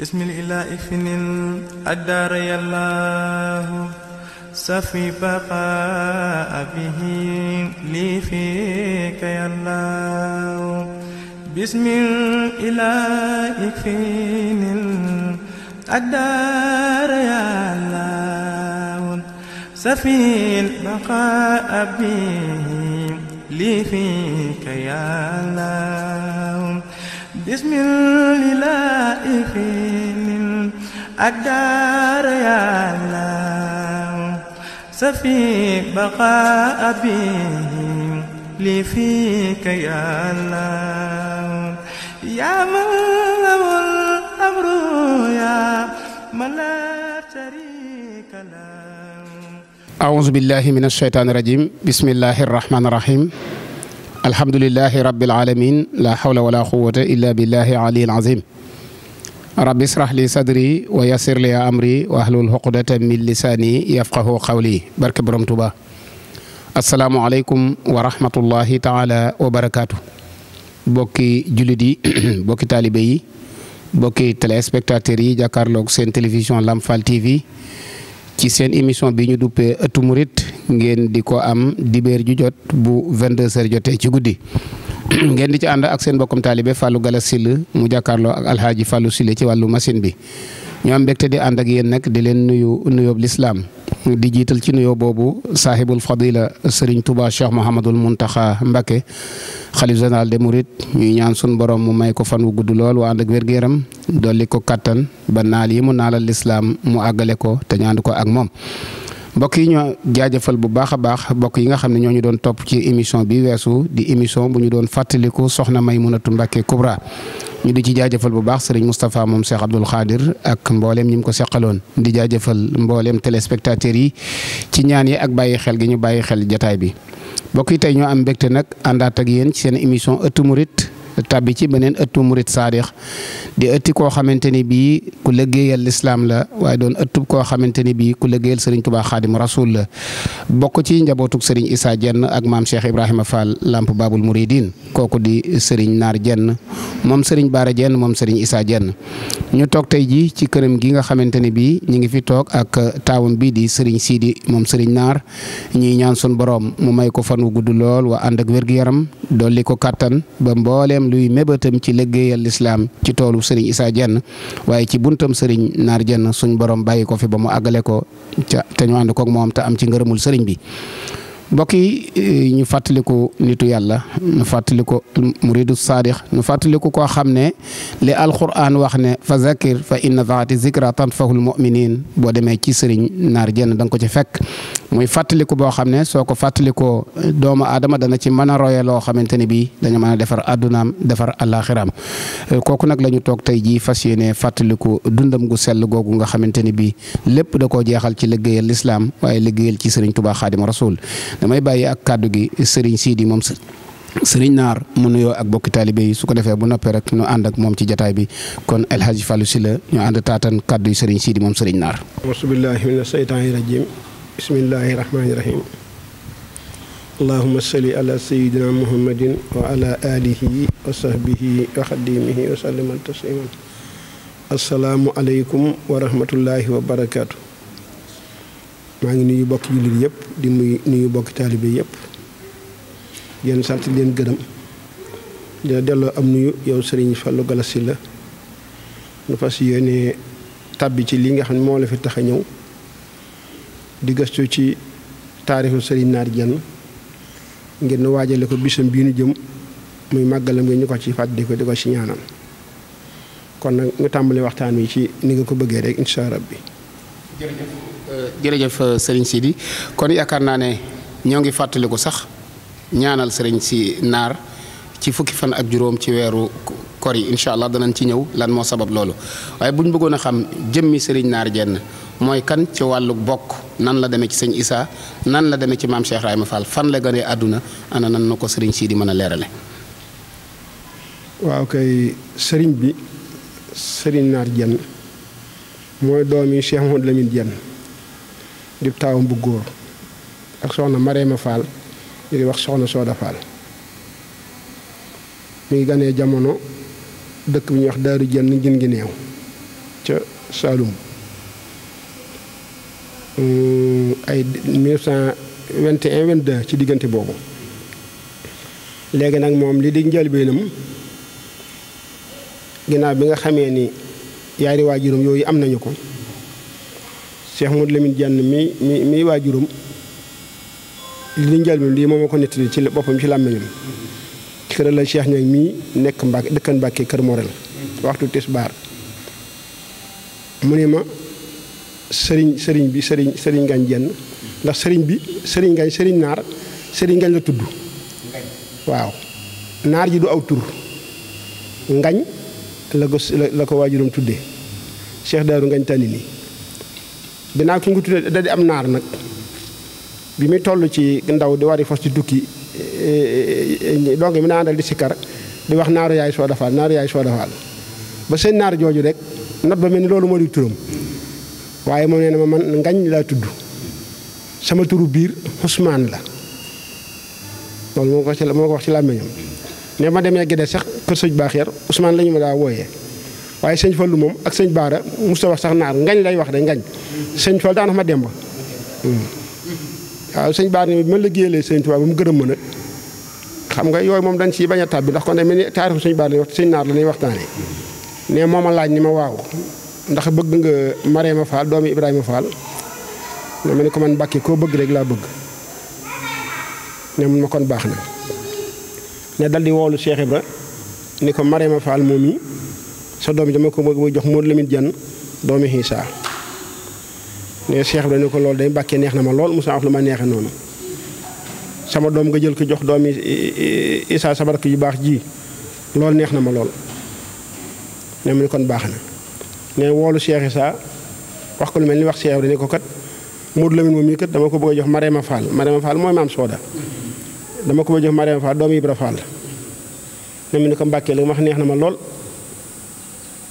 بسم الإله الأدار يا الله سفي بقاء به لي فيك يا الله بسم الإله الأدار يا الله سفي البقاء به لي فيك يا الله bismillahi finin الدار يا الله سفي بقاء بهم لي فيك يا الله يا من له الأمر يا من لا شريك له أعوذ بالله من الشيطان الرجيم بسم الله الرحمن الرحيم alhamdulilahi rabbil alamin la hawla wala quwata illa billahi aliyil azim rabbi israh li sadri wa li amri wa ahlul min lisani yafqahu qawli barke borom Tuuba asalaamu aleykum wa taala wa bokki jullit yi bokki taalibe bokki téléspectateurs yi seen télévision Lamp Fall TV ci seen émission bi ñu duppee ngeen di ko am dibeer ju jot bu 22h jotee ci guddi. ngeen di ci ànd ak seen bokkum taalibe Fallou Gala Syll mu jàkkaarloo ak alxaaji Fallou Syll ci wàllu machine bi ñu am mbégte di ànd ak yéen nag di leen nuyu nuyoob lislaam di jiital ci nuyoo boobu sahibul fadila Serigne Touba Cheikh Mouhamadul Mountakha Mbacké xalif général des mourides ñuy ñaan sun borom mu may ko fan wu gudd lool waa ànd ak wér yaram dolli ko kattan ba naal yi mu naalal lislaam mu àggale ko te ñaan ko ak moom. mbokk yi ñoo jaajëfal bu baax a baax mbokk yi nga xam ne ñoo ñu doon topp ci émission bi weesu di émission bu ñu doon fàttaliku soxna may Maymunatu Mbàkke Kubra ñu di ci jaajëfal bu baax sëriñ Moustapha moom Cheikh Abdoul Khadir ak mbooleem ñi mu ko seqaloon di jaajëfal mbooleem téléspectateurs yi ci ñaan yi ak bàyyi xel gi ñu bàyyi xel jataay bi mbokk yi tey ñoo am mbégte nag àndaat ak yéen ci seen émission ëttu murit tàbbi ci beneen ëttu murit saadix di ëtti koo xamante ni bii ku lëggéeyal lislaam la waaye doon ëttub koo xamante ni bii ku lëggéeyal sëriñ Tubaa xaadim rasul la bokk ci njabootug sëriñ Issa Dieng ak maam Cheikh Ibrahima Fall Lamp Babul Mouridine kooku di sëriñ Naar jenn moom sëriñ Baara jenn moom sëriñ Issa Dieng ñu toog tey ji ci këram gi nga xamante ni bii ñu ngi fi toog ak taawam bii di sëriñ Sidi moom sëriñ Naar ñuy ñaan sun boroom mu may ko fan wu gudd lool waa yaram woon luy mébétam ci liggéeyal lislaam ci toolu sëriñ Issa Diène waaye ci buntam sëriñ Naar jenn suñ borom bàyyi ko fi ba mu àggale ko ca te ñu ànd koog moom te am ci ngërëmul sëriñ bi. mbokk yi eh, ñu fàttaliku nitu yàlla ñu fàttaliku muridu saadix ñu fàttaliku koo xam ne li alquran wax ne fa zakir fa inna zaati zikra tanfahul muminin boo demee ci sëriñ naar jenn da nga ko ci fekk muy fàttaliku boo xam ne soo ko fàttalikoo doomu adama dana ci mën a roye loo xamante ne bii dañu mën a defar addunaam defar àllaaxiraam eh, kooku nag lañu toog tey jii fas yéene fàttaliku dundam gu sell googu nga xamante ne bii lépp da koo jeexal ci liggéeyal lislaam waaye liggéeyal ci sëriñ Tuubaa Xaadimu Rasuul damay bàyyi ak kàddu gi sëriñ Sidi moom sëriñ Naar mu nuyoo ak bokki taalibe su ko defee bu noppee rek ñu ànd ak moom ci jataay bi kon El Hadj Fallou Sylla ñu ànd taatan kàddu yi sëriñ Sidi moom sëriñ Naar. asubillahi mina seytaani rajim bismillahi rahmaani rahim allahuma salli ala sayidina muhammadin wa ala alihi wa sahbihi wa xadimihi wa sallima tasliman asalaamu aleykum wa rahmatullahi wa barakaatu maa ngi nuyu bokki jullit yëpp di muy nuyu bokki taalibe yëpp yéen sant leen gërëm dina delloo am nuyu yow sëriñ Fallou Galass la nu fas yéene tàbbi ci lii nga xam ne moo la fi tax a ñëw di gëstu ci taarixu sëriñ Naar Diène ngir nu waajale ko bisam bii nu jëm muy màggalam ngi ñu ko ci fàttali ko di ko ci ñaanal kon nag ñu tàmbali waxtaan wi ci ni nga ko bëggee rek incha rabbi bi Euh, jërëjëf euh, sëriñ di kon yaakaar naa ne ñoo ngi fàttaliku sax ñaanal sëriñ si naar ci fukki fan ak juróom ci weeru kor yi incha allah danañ ci ñëw lan moo sabab loolu waaye bu ñu bëggoon a xam jëmmi sëriñ naar jenn mooy kan ci wàllu bokk nan la demee ci sëñ Issa nan la demee ci maam Cheikh Rahima Fall fan la gënee àdduna ana nan na ko sëriñ sii di mën a leerale. waaw kay sëriñ bi sëriñ naar jenn mooy doomi Cheikh Mouhamadou Lamine jenn di taawam bu góor ak soxna Marème Fall ñu wax soxna Sooda Fall mi ngi ganee jamono dëkk bi ñuy wax Daaru Jën jën gi neew ca Saloum hmm, ay 1921 22 ci diggante boobu léegi nag moom li di njëlbeenam ginnaaw bi nga xamee ni yaari waajuram yooyu am nañu ko Cheikh Modou Lamine mii mi mi mi waajuram li njëlbeen lii moom moo ko nettali ci boppam ci làmmiñam kër la Cheikh Niang mii nekk Mbàkke dëkkan Mbàkke kër Morel waxtu tisbaar mu ni ma sëriñ sëriñ bi sëriñ sëriñ Ngañ jenn ndax sëriñ bi sëriñ Ngañ sëriñ naar sëriñ Ngañ la tudd waaw naar ji du aw tur Ngañ la ko la ko waajuram tuddee Cheikh Daaru Ngañ tànni nii ginnaaw ki nga tuddee da di am naar nag bi muy toll ci ndaw di wari fas ci dukki eh, eh, eh, donc mi naa àndal di sikkar di wax naaru yaay soo dafaal naaru yaay soo dafaal ba seen naar jooju rek not ba mel ni loolu moo di turam waaye moom nee na ma man ngañ laa tudd sama turu biir Ousmane la loolu moo ko wax ci moo ko wax ci làmmiñam ne ma demee Gédé sax kër sëñ baax yar Ousmane la ñu ma daa wooyee waaye sëñ Fallu moom ak sëñ Baara musta wax sax naar ngañ lay wax de ngañ sëñ Fall daanax ma demb waaw sëñ Baara ni man la géelee sëñ mu gërëm ma nag xam nga yooyu moom dañ ciy bañ a tàbbi ndax kon day ni taarixu sëñ Baara la wax sëñ naar la ñuy waxtaane ne moom a laaj ni ma waaw ndax bëgg nga Mariama Fall doomi Ibrahima Fall ne ma ne ko man Mbàkke koo bëgg rek laa bëgg ne mun ma kon baax na ne dal di woolu Cheikh Ibra ni ko Mariama Fall moom yi sa doom dama ko bëgg muy jox Modou Lamine Dieng doomi Xiisa ne Cheikh bi dañu ko loolu day mbàkkee neex na ma lool mosu am lu ma neexee doom nga jël ko jox doomi Issa sa barke yu baax ji loolu neex na ma lool ne kon baax na ne woolu Cheikh Issa wax ko lu ni wax Cheikh bi ko kat Modou Lamine moom mii dama ko bëgg a jox Marema Fall Marema Fall mooy maam Sooda dama ko bëgg a jox Marema Fall doomi Ibra Fall ne mu ne ko mbàkkee li ma wax neex na ma lool.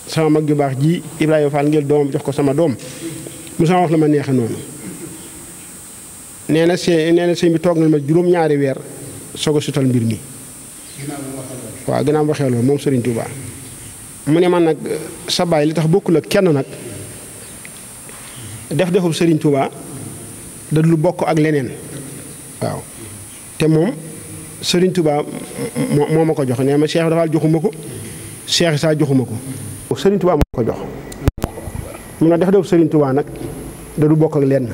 sama mag ju baax jii Ibrahima Fall ngir doom jox ko sama doom mu sama wax la ma neexe noonu nee na sëñ nee bi toog na ma juróom-ñaari weer soog a sutal mbir mi waaw gannaaw mu waxee loolu moom Serigne Touba mu ne man nag sa baay li tax bokkul ak kenn nag def defub Serigne Touba lu bokk ak leneen waaw te moom Serigne Touba moo ma ko jox nee ma Cheikh dafa joxuma ko Cheikh Issa joxuma ko. Serigne Touba moo ko jox. mun na def def Serigne nag da bokk ak lenn.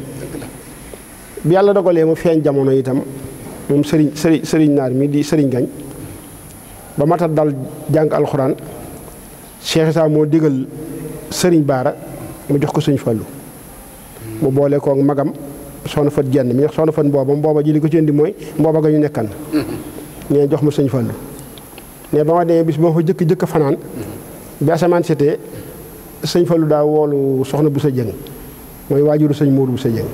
bi yàlla dogalee mu feeñ jamono itam moom Serigne Serigne Serigne Naar mi di sëriñ Gañ ba mata dal jàng alxuraan Cheikh Issa moo digal sëriñ Baara mu jox ko sëñ Fallou. mu boole koog magam soxna fat jenn mi soxna fat mbooba mbooba ji li ko ci indi mooy mbooba ga ñu nekkan mm-hmm. ñee jox ma sëñ Fallu ne ba ma demee bis boo fa jëkk jëkk fanaan bi asamaan seetee sëñ falu daa woolu soxna bu sa jëng mooy waajuru sëñ Mourou bu sa jëng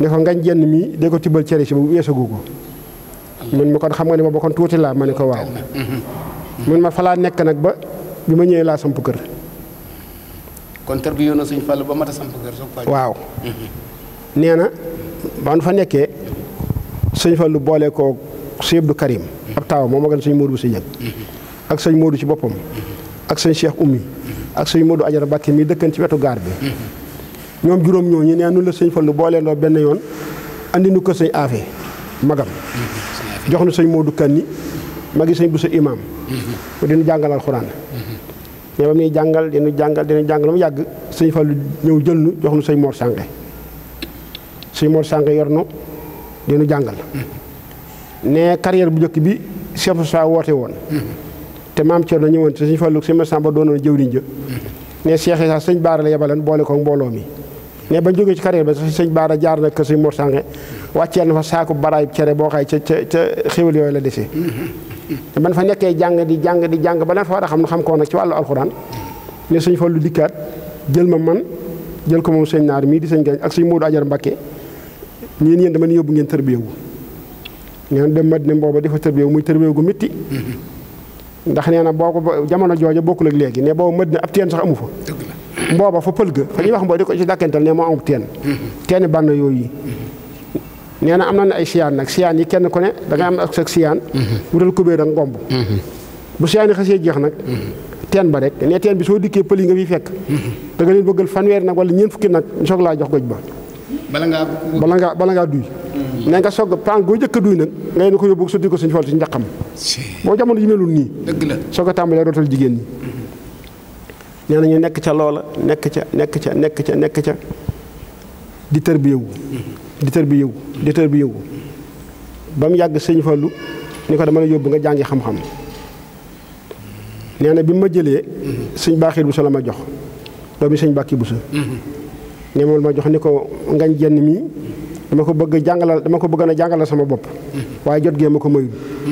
ne ko ngañ jenn mii de ko tibbal cere si ba weesagu ko mun ma kon xam nga ne ma bokkoon tuuti laa ma ne ko waaw mun ma falaa nekk nag ba bi ma ñëwee laa samp kër kon sëñ Fallou ba mat waaw mhm. nee na ba nu fa nekkee sëñ Fallou boole koo Sëñ Abdou Karim ab taaw moo magal sëñ Modou bu sa jëg ak sëñ Modou ci boppam ak sëñ Cheikh ak sëñ Modou Ajara Bàkke mi dëkkan ci wetu gaar ñoom juróom ñooñu nee sëñ Fallu booleen benn yoon andi nu ko sëñ Afe jox nu sëñ Modou Kanni magi sëñ bu sa imaam ko dinu jàngal alxuraan mais ba muy jàngal dinu jàngal yàgg sëñ ñëw jël nu jox nu Mor Sànge sëñ Mor Sànge yor nu jàngal ne carrière bu njëkk bi Cheikh Moustapha woote woon te maam Thierno ñëwoon te suñu fàllug suñu Massamba doonoon jëwriñ ja ne Cheikh Issa sëñ Baara la yebalan boole ko mbooloo mi ne ba jógee ci carrière bi sax sëñ Baara jaar na kër suñ Mor Sànge wàcceel na fa saaku baraay boo xay ca ca la desee te ban fa nekkee jàng di jàng di jàng ba leen xam nu xam koo nag ci wàllu alxuraan ne suñ Fallu dikkaat jël ma man jël ko moom sëñ naar mii di sëñ gañ ak suñ Moodu Ajar Mbakke ñeen yéen dama ne yóbbu ngeen tërbiyewu neen dem ni booba di fa tërbeew muy tërbeew gu métti ndax nee na boo ko jamono jooja bokk ak léegi ne booba Madina ab teen sax amu fa mbooba fa pël ga fa ñuy wax mboo di ko ci dàkkental ne moo amul teen teeni bànn yooyu nee na am na ne ay siyaan nag siyaan yi kenn ku ne da nga am ak sa siyaan wutal kubéer ak ngomb bu siyaan yi xasee jeex nag teen ba rek ne teen bi soo dikkee pël yi nga fi fekk da nga leen bëggal fanweeri nag wala ñeent fukki nag ñu soog jox goj ba bala ngaa bala ngaa duy ne nga soog a pànk goo njëkk a duy nag ngay ne ko yóbbu sotti ko suñu fal ci njaqam. moo jamono yi melul nii. dëgg la soog a tàmbalee rootal jigéen ñi. nee nañu nekk ca loola nekk ca nekk ca nekk ca nekk ca di tër bi yëngu. di tër bi yëngu di tër bi yëngu ba mu yàgg sëñ Fallu ni ko dama la yóbbu nga jàngi xam-xam nee na bi ma jëlee sëñ baaxiir bu sa la ma jox doomi sëñ bàkki bu sa ne ma jox ni ko ngañ jenn mii dama ko bëgg jàngalal dama ko bëgg na jàngalal sama bopp waaye jot gee ma ko mayul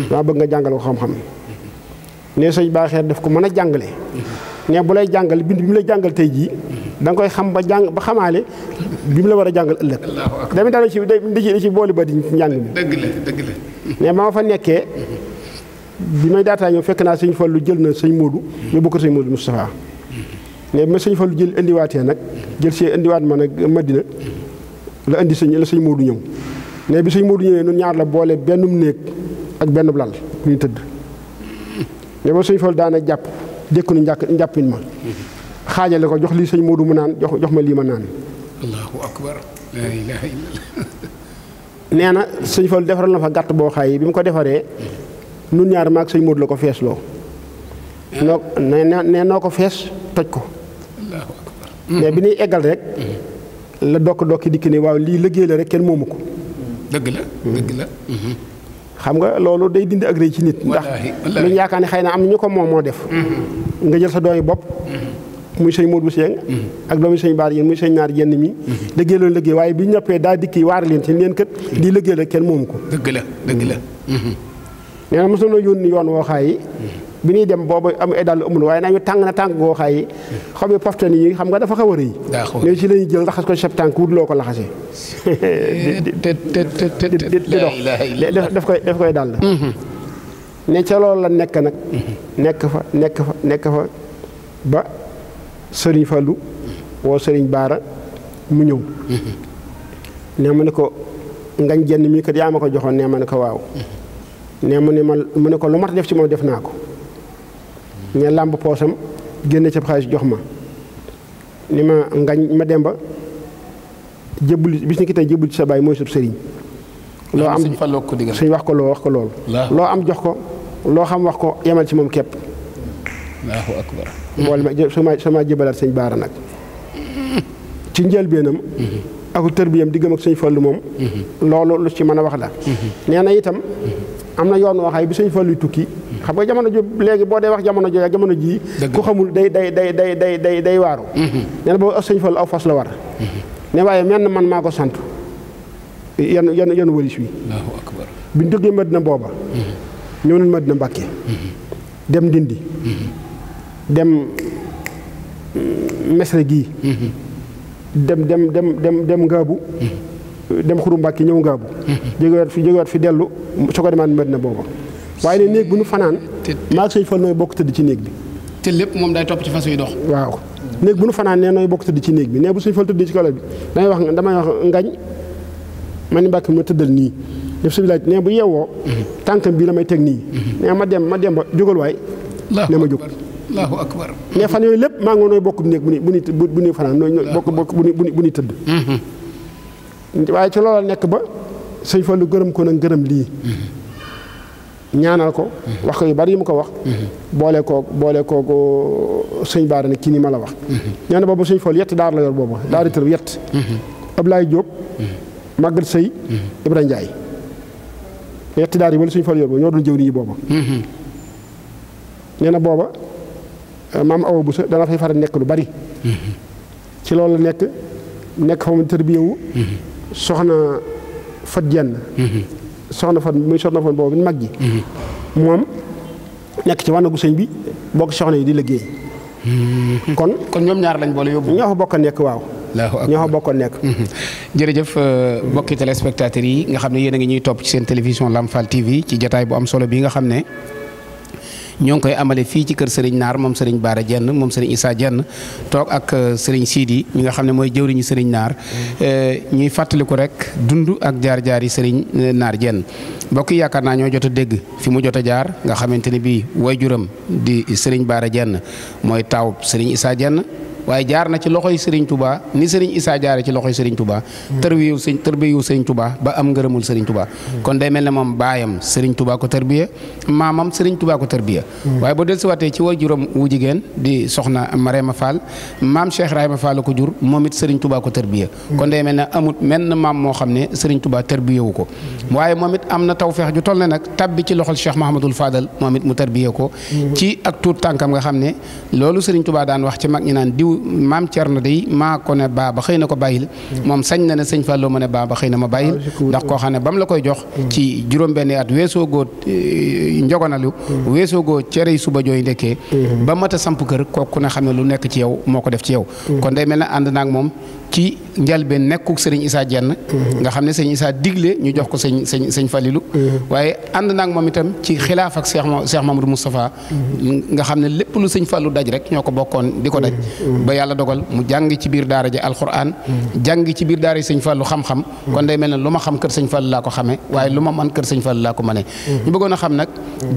dama bëgg nga jàngal ko xam-xam ne sëñ baaxee daf ko mën a jàngale ne bu lay jàngal bind bi mu lay jàngal tey jii danga koy xam ba jàng ba xamaale bi mu la war a jàngal ëllëg dami daal ci da ci booli ba di njàng mi dëgg mais ba ma fa nekkee bi may daataa ñëw fekk naa sëñ lu jël na sëñ Moodu yóbbu ko sëñ Moodu Moustapha mais bi ma sëñ Fallu jël indiwaatee nag jël see indiwaat ma nag Madina la indi sëñ la sëñ Moodu ñëw ne bi sëñ Moodu ñëwee nun ñaar la boole bennum néeg ak benn lal bu ñu tëdd ne ma sëñ Fall jàpp dékku nu njàkk ma xaajale ko jox lii sëñ Moodu mu naan jox jox ma lii ma naan la na sëñ Fall defaral fa gàtt boo xaay bi ko defaree nun ñaar maag sëñ Moodu la ko fees loo eh? noo ne noo ko fees toj ko mais bi ñuy eggal rek mm-hmm. la dokk dokki dikk ni waaw lii liggéey la rek kenn moomu ko. dëgg la mm-hmm. xam nga loolu day dindi agré ci nit. ndax luñ yaakaar ne xëy na am na ñu ko moom moo def. Mm-hmm. nga jël sa doomi bopp. Mm-hmm. muy sëñ Modou Seng ak doomi sëñ Baar yéen muy sëñ Naar yenn mi. liggéey loolu liggéey waaye bi ñoppee daa dikki waar leen ci leen kët lii liggéey la kenn moomu ko. dëgg la dëgg la. nee mos na yónni yoon woo xaay bi ñuy dem boobu am ay dàll amul waaye nañu tàng na tàng goo xay xob yi poftan yi xam nga dafa xaw a rëy. d'accord ci la ñuy jël raxas ko sab tànk wut ko laxase. di dox daf koy daf koy dàll. Mm-hmm. ne ca la nekk nag. Mm-hmm. nekk fa nekk fa nekk fa ba sëriñ Fallou woo sëriñ Baara mu ñëw. Mm-hmm. ne ma ne ko ngañ jenn mii kat yaa ma ko joxoon ne ma ne ko waaw. ne mu ne ma mu ne ko lu mat def ci moom def naa ko. ne làmb poosam génne ca xaalis jox ma ni ma ngañ ma demba jëbbul bis ni ki jëbbul ci sa baay mooy sut sëriñ loo am suñ wax ko loo wax ko loolu loo am jox ko loo xam wax ko yemal ci moom képp allahu akbar boole ma sama sama jëbalaat sëñ baara nag mm-hmm. ci njëlbeenam mm-hmm. aku tërbiyam diggam ak sëñ Fallu moom mm-hmm. loolu ci mën a wax la nee na am na yoon waxay bi sëñ luy tukki xam nga jamono ji léegi boo dee wax jamono jo jamono jii ku xamul day day day day day day day waaru mhm. nee na boobu sëñ Fallu aw fas la war mhm. ne waaye menn man maa ko sant yenn yan yan walis wi bi ñu duggee Madina booba mhm. ñëw nañ Madina Mbàkke dem Ndindi dem mm, Mesre gii dem dem dem dem dem Ngaabu dem xuru mbàkki ñëw ngaabu jógewaat fi jógewaat fi dellu soo ko demaat Medina booba waaye ne néeg bu nu fanaan maag sëñ Fall nooy bokk tëdd ci néeg bi te moom day topp ci fas yi dox waaw néeg bu nu fanaan ne nooy bokk tëdd ci néeg bi ne bu sëñ Fall tëdd ci kala bi damay wax damay wax ngañ man ni mbàkki bi ma tëddal nii def subi laaj ne bu yeewoo tànkam bii la may teg nii ne ma dem ma dem ba jógal waay ne ma jóg allahu akbar ne fan yooyu lépp maa ngi nooy bokk néeg bu ni bu ni bu ni fanaan bokk bokk bu ni bu ni tëdd mhm. waaye ci loola nekk ba sëñ Fallu gërëm ko na gërëm lii ñaanal ko wax ko yu bari yi ma ko wax boole koo boole koo uh, sëñ Baara ne kii ma la wax ñaana boobu suñ Fallu yett daar la yor boobu daari tër yett Ablaye Diop Maguette Sey Ibrahima Ndiaye yetti daar yi wala sëñ Fallu yor boobu ñoo doon jëw nii booba nee na booba uh, maam awa bu dana fay faral nekk lu bari ci loolu nekk nekk fa mu tërbiyewu soxna fat jenn mhm. soxna fat muy soxna fat boobu mag ji mhm. moom nekk ci wànagu sëñ bi bokk soxna yi di liggéey mhm. kon kon ñoom ñaar lañ boole yóbbu ñoo fa bokk nekk waaw ñoo fa bokk nekk jërëjëf euh, mbokki téléspectateurs yi nga xam ne yéen a ngi ñuy topp ci seen télévision Lamp Fall TV ci jataay bu am solo bi nga xam ne ñoo ngi koy amale fii ci kër Serigne Naar moom Serigne Baara Jenn moom Serigne Issa Jenn toog ak euh, Serigne Sidi mi nga xam ne mooy jëwriñu Serigne Naar euh, ñuy fàttaliku rek dund ak jaar jaari yi euh, Naar Jenn mbokk yi yaakaar naa ñoo jot a dégg fi mu jot a jaar nga xamante ne bii waajuram di Serigne Baara Jenn mooy taawub sëriñ isaa Jenn waaye jaar na ci loxoy Serigne Touba ni Serigne Issa jaare ci loxoy Serigne Touba. tërbiyu sëñ tërbiyu Serigne Touba ba am ngërëmul Serigne Touba. kon day mel ne moom baayam Serigne Touba ko tërbiya maamam Serigne Touba ko tërbiya. waaye boo dellusiwaatee ci way juróom wu jigéen di soxna Marema Fall maam Cheikh Rayma Fall ko jur moom it Serigne tubaa ko tërbiya. kon day mel ne amut menn maam moo xam ne Serigne Touba tërbiyewu ko. waaye moom it am na taw tawféex ju toll ne nag tabbi ci loxol Cheikh Mahamadul Fadal moom it mu tërbiye ko. ci ak tuut tànkam nga xam ne loolu Serigne Touba daan wax mag ñi naan diw du maam Thierno day maa ko ne baaba xëy na ko bàyyil moom sañ na ne sëñ Fallou ma ne baaba xëy na ma bàyyil ah, ndax koo xam ne ba mu la koy jox ci juróom-benni at weesoo goo eh, njogonalu hmm. weesoo goo cere suba jooy ndekkee hmm. ba mat a samp kër kooku ne xam ne lu nekk ci yow moo ko def ci yow hmm. kon day mel ne ànd naag moom ci njalbeen nekkuk sëriñ Issa Diène nga xam ne sëriñ Issa digle ñu jox ko sëñ sëñ sëñ Falilu waaye ànd naag moom itam ci xilaaf ak Cheikh Cheikh Mamadou Moustapha nga xam ne lépp lu sëñ Fallou daj rek ñoo ko bokkoon di ko daj ba yàlla dogal mu jàng ci biir daara ji alxuraan jàng ci biir daara ji sëñ Fallou xam-xam kon day mel ne lu ma xam kër sëñ Fallou laa ko xamee waaye lu ma man kër sëñ Fallou laa ko mënee ñu bëggoon a xam nag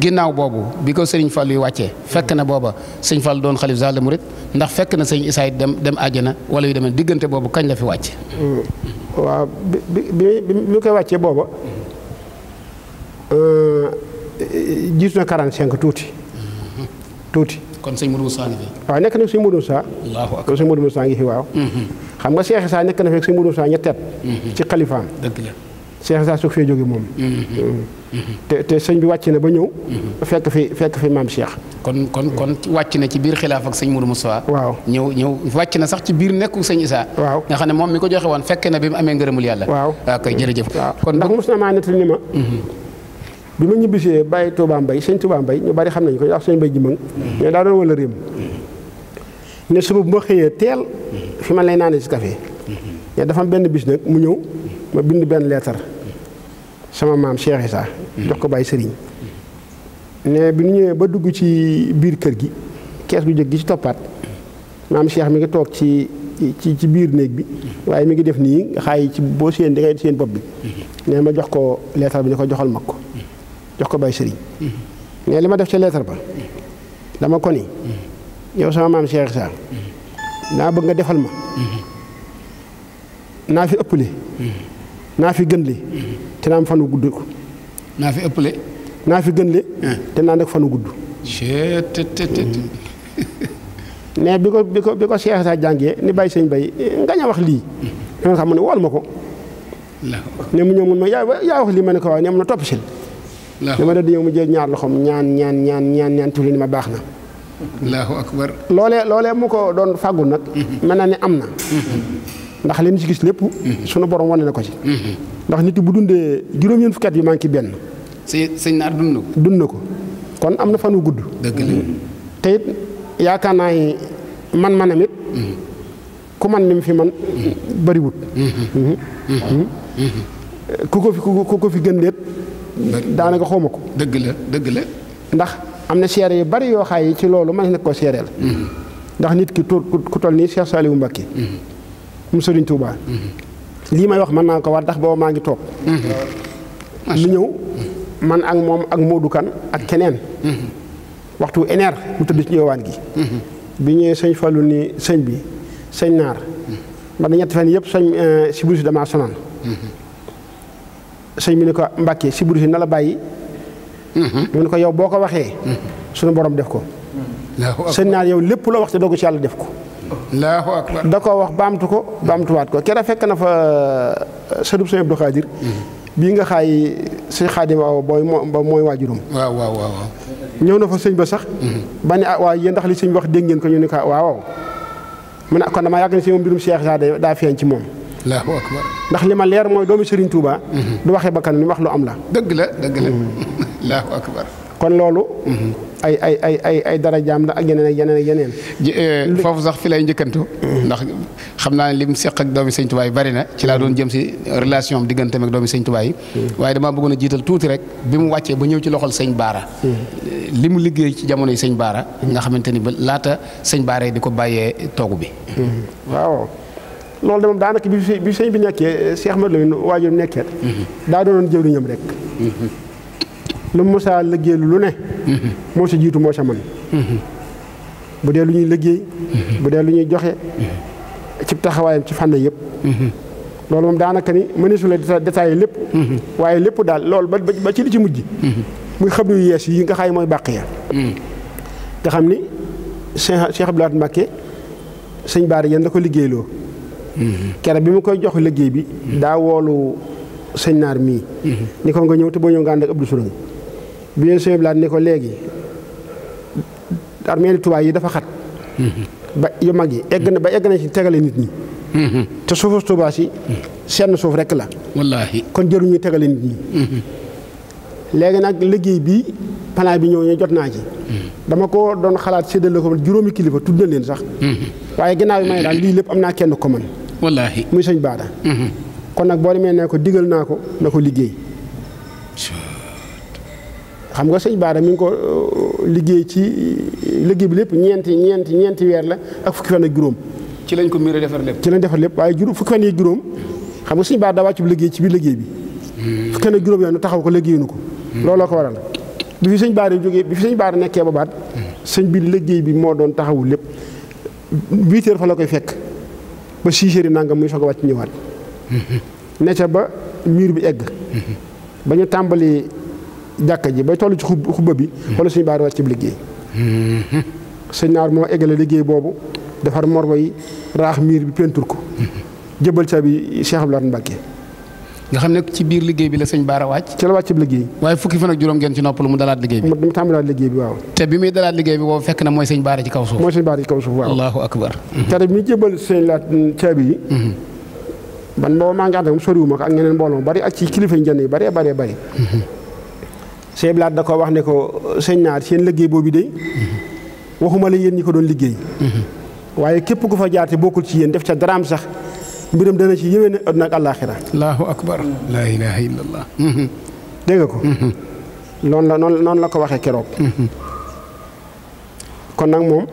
ginnaaw boobu bi ko sëriñ Fallou yi wàccee fekk na booba sëñ Fallou doon xalif Zal Murid boobu kañ la fi wàcc. Mm. waaw bi bi bi mu koy wàccee booba euh, jiitu na 45 tuuti. Mm-hmm. tuuti. kon sëñ Modou Moussa waaw nekk na sëñ Modou Moussa. waaw ngi fi waaw. Mm-hmm. xam nga Cheikh Issa nekk na fi ak sëñ Modou Moussa ñetteet. Mm-hmm. ci xalifaam. dëgg la Cheikh fee jógee moom. Mm. te te sëñ bi wàcc na ba ñëw. fekk fi fekk fi maam Cheikh. kon kon kon wàcc na ci biir xilaaf ak sëñ Mourou Moussa. waaw ñëw ñëw wàcc na sax ci biir nekku sëñ Issa. waaw nga xam ne moom mi ko joxe woon fekke na bi mu amee ngërëmul yàlla. waaw ah, waaw kay jërëjëf. kon ndax mos na maa nettali ni ma. Mhm. bi ma ñibbisee bàyyi Touba Mbaye sëñ Touba Mbaye ñu bari xam nañu ko ndax sëñ Mbaye ji ma. Mhm. mais daa ne suba bu ma xëyee teel. Mhm. fi ma lay naanee si café. mais dafa benn bis nag mu ñëw ma bind benn leetar sama maam Cheikh Issa jox ko bàyyi sëriñ ne bi nu ñëwee ba dugg ci biir kër gi kees gu jëkk gi ci toppaat maam Cheikh mi ngi toog ci ci ci biir néeg bi waaye mi ngi def nii xaay ci boo séen di ngay seen bopp bi ne ma jox ko leetar bi ne ko joxal mag ko jox ko bàyyi li ma def ca leetar ba dama ko ni yow sama maam Cheikh Issa naa bëgg nga defal ma naa fi ëppale naa fi gën li te naa am fanu gudd ko. naa fi ëppale. naa fi gën le. Ah. te naa nekk fanu gudd. mais bi ko bi ko bi ko jàngee ni bàyyi sëñ bay nga ña wax lii. da nga ne wool ma ko. mu ñëw mun ma yaa yaa wax lii ma ne ko waaw ne mun na topp si la. ma doon ñëw mu jël ñaar loxoom ñaan ñaan ñaan ñaan ñaan tuuli ni ma baax na. allahu akbar. loolee loolee mu ko doon fàggu nag. mën naa ni am na. Mm-hmm. ndax leen ci gis lépp. sunu borom wane na ko ci. ndax nit bu dundee juróom-ñeent fukki at yi manqué benn. sëñ naar dund na ko. dund na ko kon am na fan wu gudd. dëgg yaakaar naa ni man manam it. ku man lim fi man bëriwut. ku ko fi ku ko fi gën leet. daanaka xawma ko. dëgg la dëgg la. ndax am na seere yu bari yoo xaay yi ci loolu mën na koo seereel. ndax nit ki tur ku toll nii Cheikh Saliou Mbacké. mu Sëriñ Tuubaa lii may wax mën naa ko war ndax booba maa ngi toog lu ñëw man ak moom ak Modou Kan ak keneen waxtu ener mu tëdd ci njoowaan gi bi ñëwee sëñ Fallou ni sëñ bi sëñ naar man na ñetti fan yëpp sëñ eh, si buri si damaa sonal sëñ bi ni ko Mbàkke si buri si na la bàyyi mu ni ko yow boo ko waxee sunu borom def ko sëñ naar yow lépp loo wax te ko ci yàlla def ko allahu akbar da ko wax baamtu ko baamtuwaat ko kera fekk na fa euh, sëriñ Sëñ Abdou Khadir mhm. bii nga xaay sëñ Xaadim waaw booy mooy waajuram waaw waaw waaw ñëw na fa sëñ ba sax mhm. ba ne ah waaw ndax li sëñ wax dégg ngeen ko ñu ne ah, waaw waaw mu ne ah, kon dama yàgg ne si moom mbirum Cheikh saa daa feeñ ci moom allahu ndax li ma leer mooy doomi Serigne Touba mhm. du waxee bakkan ni wax lu am la dëgg la dëgg la allahu akbar kon loolu ay ay ay ay ay dara jaam la ak yeneen ak yeneen ak eh, foofu sax fi lay njëkkantu. ndax xam naa ne lim seq ak doomi sëñ Tuubaa yi bari na ci laa doon jëm si relation am digganteem ak doomi sëñ Tuubaa waaye damaa bëggoon a jiital tuuti rek bi mu wàccee ba ñëw ci loxol sëñ Baara. Eh, li mu liggéey ci jamono yi Baara. nga xamante ni ba laata sëñ Baara di ko bàyyee toogu bi. waaw. loolu de moom daanaka bi sëñ bi nekkee Cheikh Ahmadou Lamine waajur nekkee mhm. daa doonoon jëwriñam rek mhm. lu mosaa liggéey lu ne moo si jiitu moo sa man bu dee lu ñuy liggéey bu dee lu ñuy joxe ci taxawaayam ci fànn yëpp loolu moom daanaka ni mëneesu la détaillé lépp waaye lépp daal loolu ba ba ci li ci mujj muy xam yu yees yi nga xaay mooy bàq ya nga xam ni Cheikh Abdoulaye Mbacké sëñ Baara yan la ko liggéeyloo kere bi mu koy jox liggéey bi daa woolu sëñ naar mii ni ko nga ñëw te boo ñëw nga ànd ak Abdou Sourang bi leen sëñ Blaat ne ko léegi armeeli Tuubaa yi dafa xat. ba yu mag yi egg na ba egg na ci tegale nit ñi. te suufu Tuubaa si seen suuf rekk la. wallaahi kon jëruñu tegale nit ñi. léegi nag liggéey bi plan bi ñëw ñu jot naa ci. dama ko doon xalaat séddale ko juróomi kilifa tudd na leen sax. waaye ginnaaw bi ma ne daal lii lépp am naa kenn ko man. wallaahi muy sëñ Baara. Mm-hmm. kon nag boo demee ne ko digal naa ko na ko liggéey. xam nga sëñ Baara mi ngi ko euh, liggéey ci liggéey bi lépp ñeenti ñeenti ñeenti weer la ak fukki fan ak juróom. ci lañ ko miiree defar lépp. ci lañ defar lépp waaye juróom fukki fan yi juróom xam nga sëñ Baara daa wàcc liggéey ci biir liggéey bi. Hmm. fukki fan ak juróom taxaw ko liggéeyuñu ko. Hmm. looloo ko waral bi fi sëñ Baara jógee bi fi sëñ Baara nekkee ba baat. Hmm. sëñ bi liggéey bi moo doon taxawu lépp huit fa la koy fekk ba six heures nangam muy soog a wàcc ñëwaat. ne ca ba miir bi egg. ba ñu tàmbali jàkka ji ba toll ci xubba bi wala suñu baar wàcc ci liggéey sëñ naar moo eggale liggéey boobu defar morgo yi raax miir bi pentur ko jëbal sa bi Cheikh Abdoulaye Mbacke nga xam ne ci biir liggéey bi la sëñ Baara wàcc. ci la wàcc liggéey. waaye fukki fan ak juróom ngeen ci noppalu mu dalaat liggéey bi. mu tàmbalaat liggéey bi waaw. te bi muy dalaat liggéey bi boobu fekk na mooy sëñ Baara ci kaw suuf. mooy sëñ Baara ci kaw suuf waaw. allahu akbar. te bi muy jébal sëñ laat caabi yi. Mhm. man booba maa ngi ànd ak moom soriwuma ko ak ñeneen mbooloo bari ak ci kilifa njënd yi baree baree bari. Mhm. Sëñ Blaat da ko wax ne ko sëñ naar seen léggéey boobu de waxuma la yéen ñi ko doon liggéey. waaye képp ku fa jaarte bokkul ci yéen def ca daraam sax mbiram dana ci yéwén àdduna ak àllaaxira. allahu akbar laa ilaaha illallah. dégg ko. Mm-hmm. noonu la noonu la ko waxee keroog. Mm-hmm. kon nag moom.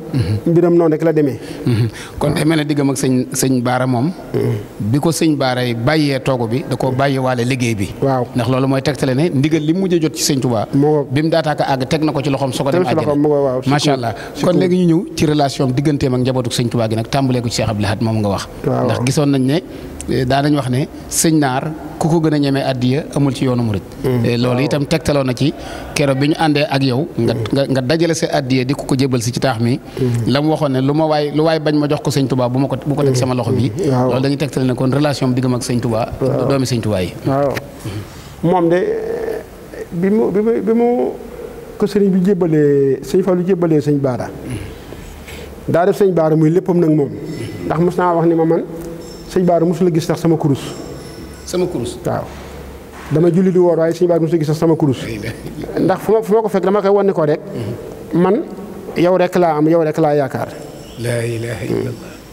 mbiram noonu rek la demee. Mhm. kon a mel ne diggam ak sëñ sëñ Baara moom. Mhm. bi ko sëñ Baara yi bàyyee toogu bi da koo bàyyi waale liggéey bi. waaw ndax loolu mooy tegtale ne ndigal li mu mujj jot ci sëñ Touba. moo bi mu daataa ko àgg teg na ko ci loxoom soo ko dem àjjana macha allah kon léegi ñu ñëw ci relation digganteem ak njabootu sëñ Touba gi nag tàmbalee ko ci Cheikh Abdou moom nga wax. ndax gisoon nañ ne. Eh, daa nañ wax ne sëñ naar ku ko gën a ñemee addiya amul ci yoonu murit mm. eh, loolu itam tegtaloon na ci kero bi ñu àndee ak yow mm. nga nga dajale sa addiya di ku ko jébal si ci taax mi mm. la mu waxoon ne lu ma waay lu waay bañ ma jox ko sëñ Tuubaa ko bu ko teg sama loxo bi loolu dañuy tegtale ne kon relation bi diggam ak sëñ Tuubaa doomi sëñ Tuubaa yi moom de bi mu bi mu bi mu bi jébalee sëñ Fallu jébalee sëñ Baara daa def sëñ Baara muy léppam nag moom ndax mos naa wax ni ma man sëñ Baara mosula gis sax sama kurus. sama kurus waaw. dama julli di woor waaye sëñ Baara mosul a gis sax sama kurus. ndax fu ma fu ko fekk dama koy wan ko rek. Mhm. man yow rek laa am yow rekk laa yaakaar. laa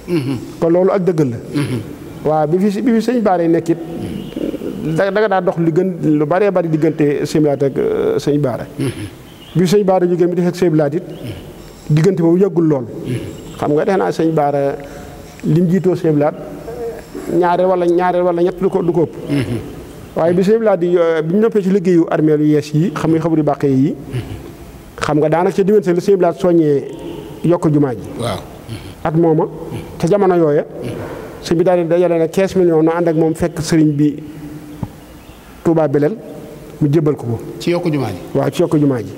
mhm. kon loolu ak dëggal la. Mhm. waaw bi fi sëñ Baara yi nekk it da nga daa dox lu gën lu baree bëri diggante Sëblaat sëñ Baara. Euh, bi sëñ Baara jógee mi def ak Sëblaat it diggante boobu yàggul lool. xam nga defe naa sëñ Baara lim jiitoo Sëblaat. ñaare wala ñaare wala ñett lu ko lu ko ëpp waaye bi sëñ laa di bi ñu noppee ci liggéeyu armeel yu yees yi xam nga xabru bàqe yi xam nga daanaka ca diggante la sëñ laa soññee yokk jumaa ji waaw at mooma ca jamono yooya sëñ bi daal di dajale na 15 millions no ànd ak moom fekk sëriñ bi Touba Belel mu jëbal ko ko. ci yokku jumaa ji. waaw ci yokku jumaa ji.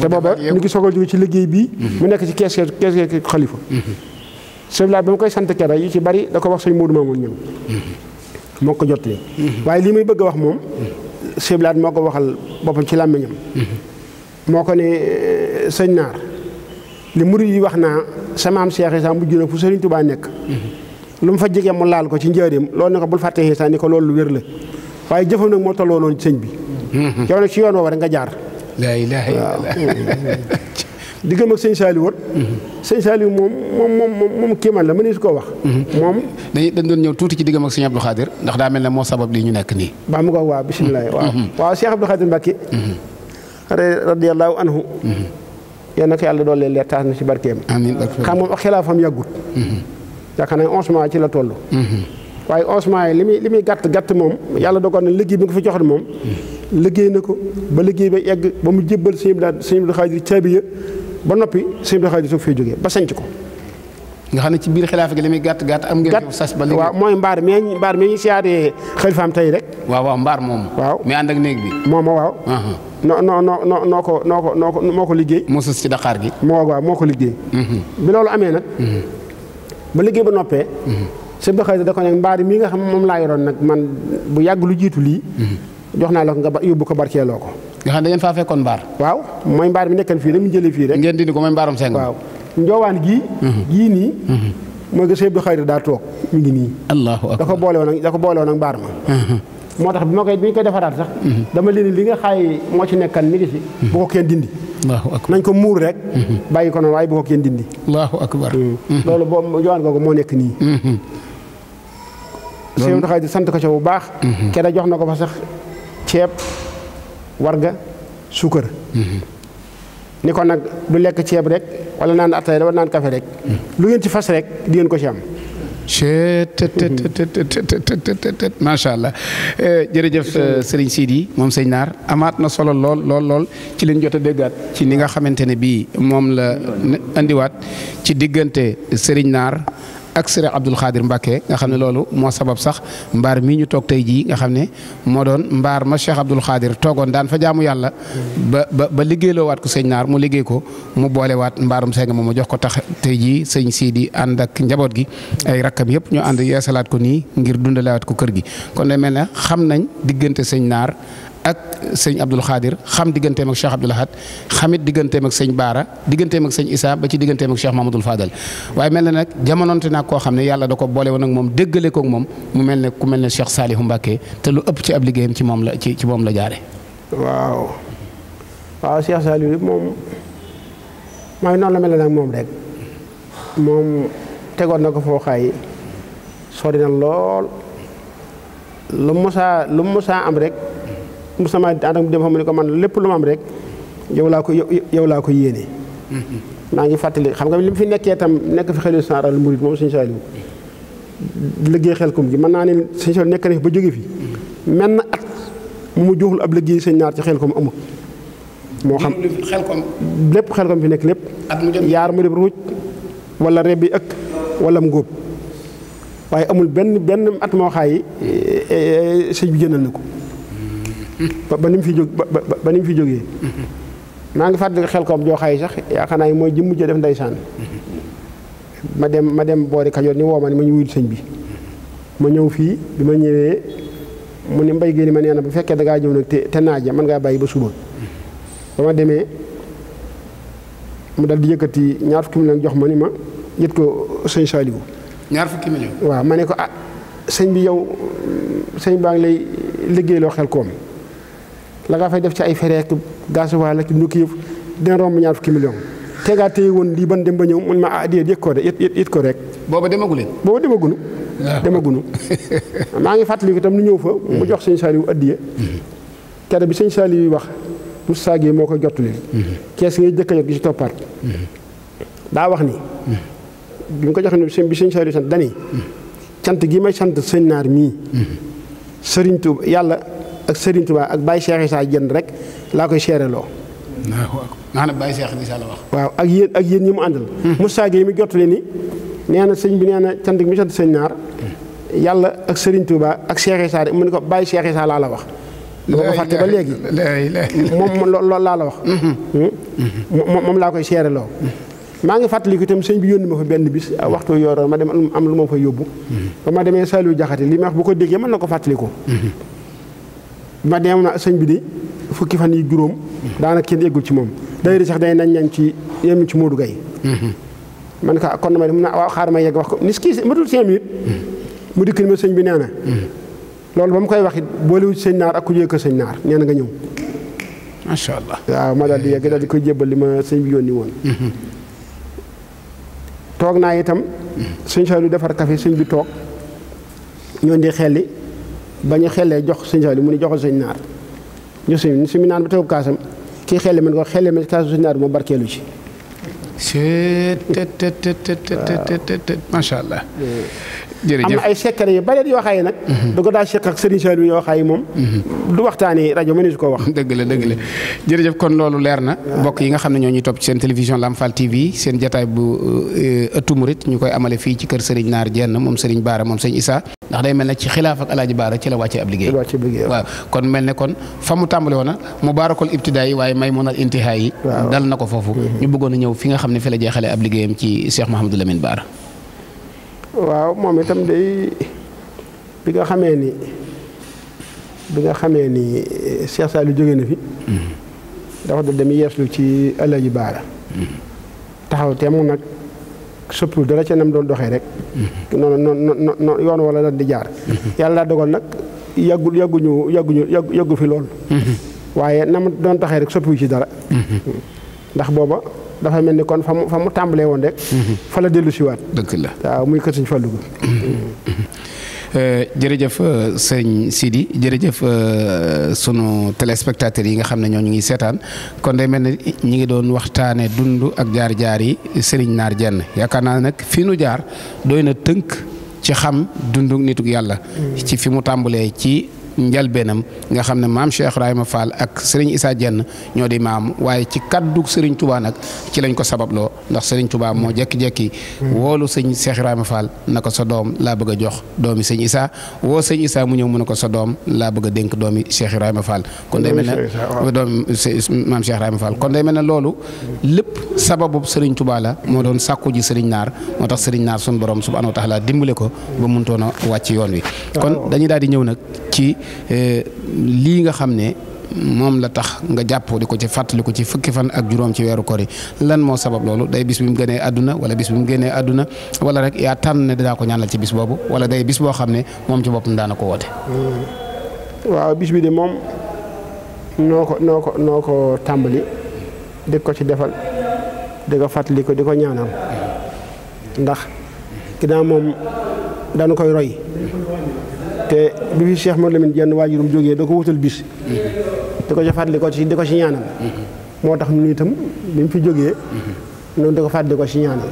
te booba ñu ngi soog a jóge ci liggéey bi. Mhm. mu nekk ci kees kees kees xalifa. Mhm. sëñ bi ma koy sant kera yi ci bari da ko wax sëñ Moodu Maamun moo ko jot waaye lii may bëgg a wax moom sëñ moo ko waxal boppam ci làmmiñam moo ko ne euh, sëñ naar li murid yi wax naa sama am Seex Isaa mujj na fu Sëriñ Tuubaa nekk lu mu fa jege mu laal ko ci njëriñam loolu ne ko bul fàtte Isaa ko loolu lu wér la waaye jëfam nag moo tolloo sëñ bi yow mm-hmm. nag ci yoon woowu nga jaar laa ilaaha diggam ak sëñ Saliou wër. sëñ Saliou moom moom moom moom kéemaan la mënees koo wax. moom dañuy dañ doon ñëw tuuti ci diggam ak sëñ Abdou Khadir ndax daa mel ne moo sabab lii ñu nekk nii. baa mu ko waaw bisimilah waaw. Mm-hmm. waaw Cheikh Abdou Khadir Mbacke. Mm-hmm. radiyallahu anhu. Mm-hmm. yéen ak yàlla dooleel leer taas na ci barkeem. amiin xam moom ak xilaafam yàggut. yaakaar ci la toll. waaye onze mois yi li muy gàtt gàtt moom yàlla dogal na liggéey bi nga fi joxoon moom. liggéey na ko ba liggéey ba egg ba mu jébbal sëñ Abdou Khadir caabi ya ba noppi sëñ Abdou Khadr di soog fee jógee ba sanc ko. nga xam ne ci biir xilaafa gi la muy gàtt gàtt. am ngeen sas ba léegi waaw mooy mbaar mi mbaar mi ñu siyaaree xalifaam tey rek. waaw mbaar moomu. waaw mi néeg bi. moomu waaw. noo noo ko noo ko noo moo ko liggéey. moo sës ci daqaar gi. moo moo ko liggéey. Mhm. bi loolu amee nag. Mhm. ba ba noppee. Mhm. sëñ Abdou Khadr da ko ne mbaar mii nga xam moom laa yoroon nag man bu yàgg lu jiitu lii. jox naa la ko nga ba yóbbu ko barkeeloo ko nga xam ne da ngeen faa fekkoon mbaar. waaw mooy mbaar bi nekkan fii rek mu jëlee fii rek. ngeen dindi ko mooy mbaarum seng. waaw njoowaan gii. Mhm. gii nii. Mhm. daa toog mi ngi nii. allahu akbar ko boole woon ak da ko boole woon mbaar ma. Mhm. moo tax bi ma koy bi ñu koy defaraat sax. dama leen li nga xaay moo ci nekkan mi ngi si. bu ko kenn dindi. allahu akbar nañ ko muur rek. bàyyi ko noonu waaye bu ko kenn dindi. allahu akbar. loolu boo njoowaan googu moo nekk nii. loolu Seydou sant ko bu baax. kenn jox na ko fa sax ceeb. warga suukar. ni ko nag du lekk ceeb rek wala naan ataay wala naan kafe rek. lu ngeen ci fas rek di ngeen ko ci am. chetttt macha allah jërëjëf sëriñ Sidi moom sëñ Naar amaat na solo lool lool lool ci leen jot a déggaat ci ni nga xamante ne bii moom la indiwaat ci diggante sëriñ Naar ak Sëriñ Abdul Xaadir Mbàkke nga xam ne loolu moo sabab sax mbaar mii ñu toog tey jii nga xam ne moo doon mbaar ma Cheikh Abdul Xaadir toogoon daan fa jaamu yàlla ba ba ba liggéeyloo waat ko sëñ naar mu liggéey ko mu boole waat mbaarum seng moom mu jox ko tax tey jii sëñ Sidi ànd ak njaboot gi ay rakkam yëpp ñu ànd yeesalaat ko nii ngir dundalaat ko kër gi kon day ne xam nañ diggante sëñ naar ak sëñ Abdul Xaadir xam digganteem ak Cheikh Abdul Ahad xamit digganteem ak sëñ Baara digganteem ak sëñ Isaa ba ci digganteem ak Cheikh Mamadul Fadal waaye mel na nag jamononte naa koo xam ne yàlla da ko boole woon ak moom déggale koog moom mu mel ne ku mel ne Cheikh Saalihu Mbàkke te lu ëpp ci ab liggéeyam ci moom la ci ci moom la jaare waaw waaw Cheikh Saalihu moom mooy noonu la mel nag moom rek moom tegoon na ko foo xay sori na lool lu musaa lu musaa am rek mu na maa ànd ak dem fa mu ne ko man lépp lu rek yow laa ko yow laa ko yéene. Mm-hmm. maa ngi fàttali xam nga li mu fi nekkee tam nekk fi xelu saaral murid moom sëñ Saliou liggéey xelkom gi mën naa ne sëñ Saliou nekk na fi ba jóge fi mm-hmm. menn at mu joxul ab liggéey sëñ naar ci xelkom amul. moo xam lépp mu fi nekk lépp. yaar mu dem ruuj wala reb bi ëkk wala mu góob waaye amul benn benn at moo xaay e, e, e, sëñ bi na ko. ba ba ni mu fi jóg ba ba fi jógee. maa ngi fàttali xel koom jooxaay sax yaakaar naa mooy ji mujj def ndeysaan. ma dem ma dem boori Kajoor ni ma ma ñu sëñ bi. ma ñëw fii bi ma ñëwee mu ni mbay génn ma nee na bu fekkee da ngaa ñëw nag te te ngaa bàyyi ba suba. ba ma demee mu dal di yëkkati ñaar fukki million jox ma ni ma yët ko sëñ Saliou. ñaar fukki million. waaw ma ne ko ah sëñ bi yow sëñ baa ngi lay liggéeyloo xel koom. la nga fay def ci ay fere ak gasoil ak ndukiif dina romb ñaar fukki million tegaa woon lii ban dem ba ñëw mun ma ah déet yëg ko de it ko rek. booba demagu leen. booba demagunu. waaw demagunu maa ngi fàttaliku tam lu ñëw fa. mu jox sëñ Saliou addiya. Mm-hmm. kere bi sëñ Saliou yi wax Moussa Gueye moo koy jottali. Mm-hmm. kees ngay jëkk a jot gi ci toppaat. Mm-hmm. daa wax ni. bi mu ko joxee ne bi sëñ Saliou sant dani sant gi may sant sëñ naar mii. sëriñ yàlla. ak Serigne Touba ak Baye Cheikh Issa Diène rek laa koy seereloo. nga xam ne Baye Cheikh la wax. waaw ak yéen ak yéen ñi mu àndal. Hmm. Moussa Gueye mi jottali ni nee na sëñ bi nee na cant gi mu sant sëñ naar yàlla ak Serigne tubaa ak Cheikh Issa de mu ne ko bàyyi Cheikh Issa laa la wax. boo ko fàtte ba léegi moom laa la wax. Hmm. Hmm? moom laa koy seereloo. maa ngi fàttaliku tam sëñ bi yónni ma fa benn bis waxtu yooroon ma dem am lu ma fa yóbbu. ba ma demee Saliou Diakhaté li ma wax bu ko déggee mën na ko fàttaliku. ma dem na sëñ bi di fukki fan yi juróom daanaka kenn eggul ci moom day sax day nañ nañ ci yem ci Modou Gaye mm-hmm. man ka kon damay mun naa waaw xaaral ma yegg wax ko ni kii matul cinq minutes mm-hmm. mu dikk ni ma sëñ bi nee mm-hmm. loolu ba mu koy wax it boolewu sëñ naar ak ku jóge kër sëñ naar nee nga ñëw macha allah waaw ma daal di yegg daal koy jébbal li ma sëñ bi yoon yónni woon toog naa itam sëñ Saliou defar café sëñ bi toog ñoon di xelli ba ñu xellee jox sëñ Saaliw mu ni joxal sëñ naar jox sëñ mu naan ba tegu kaasam kii xelle man ko xelle man kaasam sëñ naar bi moom barkeelu ci tet tet tet tet tet macha allah am ay secret yu bare yoo xaye nag da ko daa seq ak Serigne Saliou yoo xaye moom mhm. du waxtaani rajo mënees ko wax dëgg la dëgg la jërëjëf kon loolu leer na mbokk yi nga xam ne ñoo ñuy topp ci seen télévision Lamfal TV seen jataay bu euh, ëttu murit ñu koy amale fii ci kër sëriñ Naar Jenn moom Serigne Baara moom Serigne Issa ndax day mel ne ci xilaaf ak alaaji Baara ci la wàccee ab liggéey waaw kon mel ne kon fa mu tàmbale woon mu baarakol ibtidaa yi waaye may moonal intihaa yi dal na ko foofu mhm. ñu bëggoon a ñëw fi nga xam ne fi la jeexale liggéeyam ci Cheikh Mahamadou Lamine Baara waaw moom itam de bi nga xamee ni bi nga xamee ni eh, Cheikh Saliou jóge na fi. Mm-hmm. dafa doon dem yeeslu ci ëllëg ji baara. Mm-hmm. taxaw teemu nag sëppul dara ca nam doon doxee rek. Mm-hmm. noonu noonu noonu yoon wala lan di jaar. yàlla dogal nag yàggul yàgguñu yàgguñu yàggu fi lool. waaye nam doon doxee rek sëppu ci dara. ndax booba. dafa mel ni kon fa mu fa mu tàmbalee woon rek. Mhm. fa la dellu siwaat dëkk la waaw muy kër sëñ Fallou euh, jërëjëf euh, sëñ Sidi jërëjëf euh, sunu téléspectateurs yi nga xam ne ñoo ñu ngi seetaan kon day mel ne ñu ngi doon waxtaanee dund ak jaar jaari yi Naar jenn yaakaar naa nag fii nu jaar doy na tënk ci xam dundu nituk yàlla. Mm. ci fi mu tàmbalee ci. njalbeenam nga xam ne maam Cheikh Ibrahima Fall ak Serigne Issa Dieng ñoo di maam waaye ci kaddu Serigne Touba nag ci lañ ko loo ndax Serigne Touba moo jekki-jekki woolu sëñ Cheikh Ibrahima na ko sa doom laa bëgg a jox doomi sëñ Issa woo sëñ Issa mu ñëw mu ne ko sa doom laa bëgg a dénk doomi Cheikh Ibrahima kon day mel na doomi maam Cheikh Ibrahima Fall kon day mel ne loolu lépp sababu Serigne Touba la moo doon sàkku ji Serigne Naar moo tax Serigne Naar sun borom subhanahu tax laa dimbale ko ba mënutoon wàcc yoon wi kon dañuy daal di ñëw nag ci Euh, lii nga xam ne moom la tax nga jàpp di ko ci fàttali ci fukki fan ak juróom ci weeru ko yi lan moo sabab loolu day bis bi mu gënee àdduna wala bis bi mu génnee àdduna wala rek yaa ne dinaa ko ñaanal ci bis boobu wala day bis boo xam ne moom ci boppam daana ko hmm. waaw bis bi de moom noo ko noo ko noo ko tàmbali di ko ci defal di ko fàttali di ko ñaanal ndax a moom dana koy roy te bi fi Cheikh Mor Lamine jenn waajurum jógee da ko wutal bis di ko ci fàttali ko ci di ko ci ñaanal moo tax ñun itam mu fi jógee noonu di ko fàttali ko ci ñaanal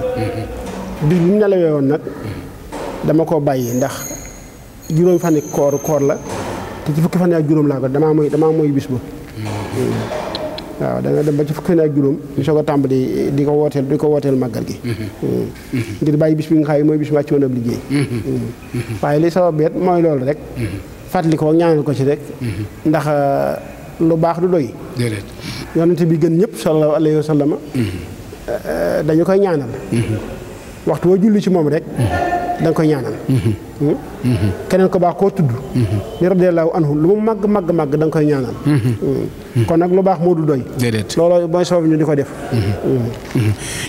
bis bi mu nelawee woon nag dama koo bàyyi ndax juróom fani koor koor la te ci fukki fan ak juróom laa ko damaa mooy damaa mooy bis ba waaw da dem ba ci fukki ak juróom ñu soog a tàmbali di ko wooteel di ko wooteel màggal gi mm-hmm. Mm-hmm. Mm-hmm. ngir bàyyi bis bi nga xam ne mooy bis wàccoon ab liggéey waaye li sabab beet mooy loolu rek fàttali ko ñaanal ko ci rek ndax lu baax lu doy yonent bi gën ñëpp sallallahu alayhi wa sallam eh, eh, dañu koy ñaanal waxtu woo julli ci moom rek da nga koy ñaanal. Mm-hmm. Mm-hmm. keneen ko baax koo tudd. ni mm-hmm. radiyallaahu anhu lu mu màgg màgg màgg da nga koy ñaanal. kon nag lu baax moo du doy. déedéet looloo mooy sabab ñu di ko def.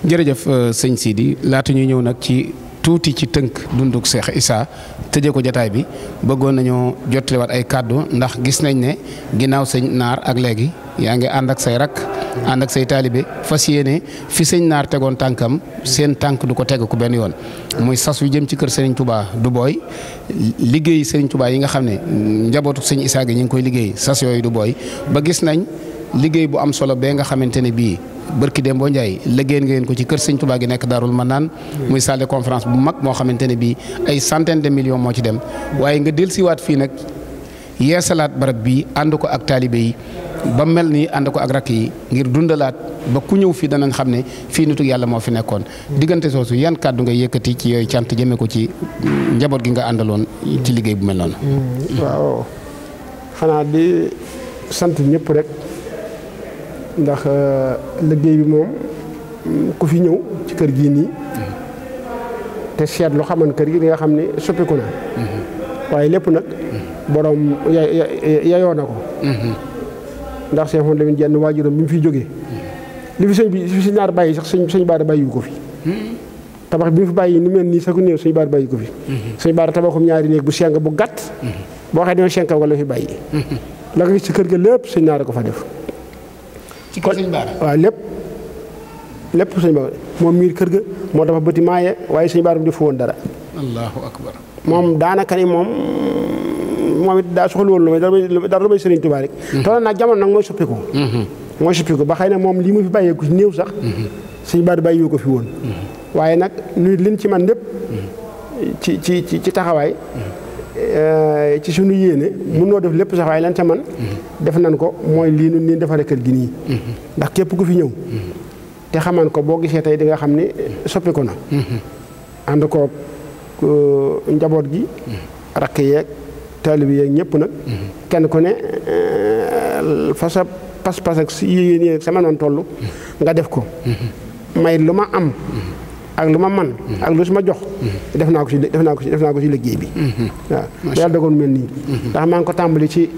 jërëjëf euh, sëñ Sidi laata ñuy ñëw nag ci. tuuti ci tënk dunduk Seex Isaa tëje ko jataay bi bëggoon nañoo jottaliwaat ay kàddu ndax gis nañ ne ginnaaw sëñ naar ak léegi yaa ngi ànd ak say rakk ànd ak say taalibe fas yéene fi sëñ naar tegoon tànkam seen tànk du ko teg ko benn yoon muy sas yu jëm ci kër sëriñ Touba du booy liggéey sëriñ tubaa yi nga xam ne njabootu sëñ Issa gi ñu ngi koy liggéey sas yooyu du booy ba gis nañ liggéey bu am solo bee nga xamante ne bii bërki dem boo Ndiaye liggéey ngeen ko ci kër sëñ tubaa gi nekk Daarul naan muy salle de bu mag moo xamante ne bii ay centaine de million moo ci dem waaye ko ak ba mel ni ànd ko ak rakk yi ngir dundalaat ba ku ñëw fii danañ xam ne fii nitu yàlla moo fi nekkoon diggante soosu yan kàddu nga yëkkati ci yooyu cant jëme ko ci njaboot gi nga àndaloon ci liggéey bu mel noonu mm, waaw xanaa di sant ñëpp euh, liggéey bi moom mm, ku fi ñëw ci kër gi nii te seet lu xaman kër gi di nga xam ne soppiku na mm-hmm. waaye lépp nag mm-hmm. borom yayoo ko mm-hmm. ndax Cheikh Mouhamadou Lamine Jenn waajuram bi mu fi jógee li fi sëñ bi fi sëñ naar bàyyi sax sëñ sëñ baara bàyyi ko fi tabax bi mu fi bàyyi nu mel nii sax ku néew sëñ baara bàyyi ko fi suñ baara tabaxum ñaari néeg bu seng bu gàtt boo xëy dina senka wala fi bàyyi la ko gis ci kër ga lépp sëñ naar ko fa def ci kër sëñ baara waaw lépp lépp moom miir kër ga moo dafa bëti maaye waaye suñ baara mu defu woon dara allahu akbar moom daanaka ni moom moom it daa soxla woon lu may dara lu may Sëriñ Tuubaa rek. Mm-hmm. toll nag nag mooy suppiku. Mm-hmm. mooy suppiku ba xay na moom lii mu fi bàyyeeku ci néew sax. Mm-hmm. suñu baat bàyyiwu ko fi woon. waaye nag nuyu ci man lépp. ci ci ci taxawaay. Eh, ci suñu yéene mënoo def lépp sax waaye lan ca man def nañ ko mooy lii nu nii defaree kër gi nii ndax képp ku fi ñëw te xaman ko boo gisee tey di nga xam ni soppi ko na ko Euh, njaboot gi rakk yeeg taalib yeeg ñëpp nag kenn ku ne euh, fa sa pas-pas ak yéen yéen sama noon toll nga def ko may lu ma am ak lu ma man ak lu su ma jox def naa ko ci def naa ko si def naa ko ci liggéey bi waaw yàlla mel nii mhm. ndax maa ngi ko tàmbali ci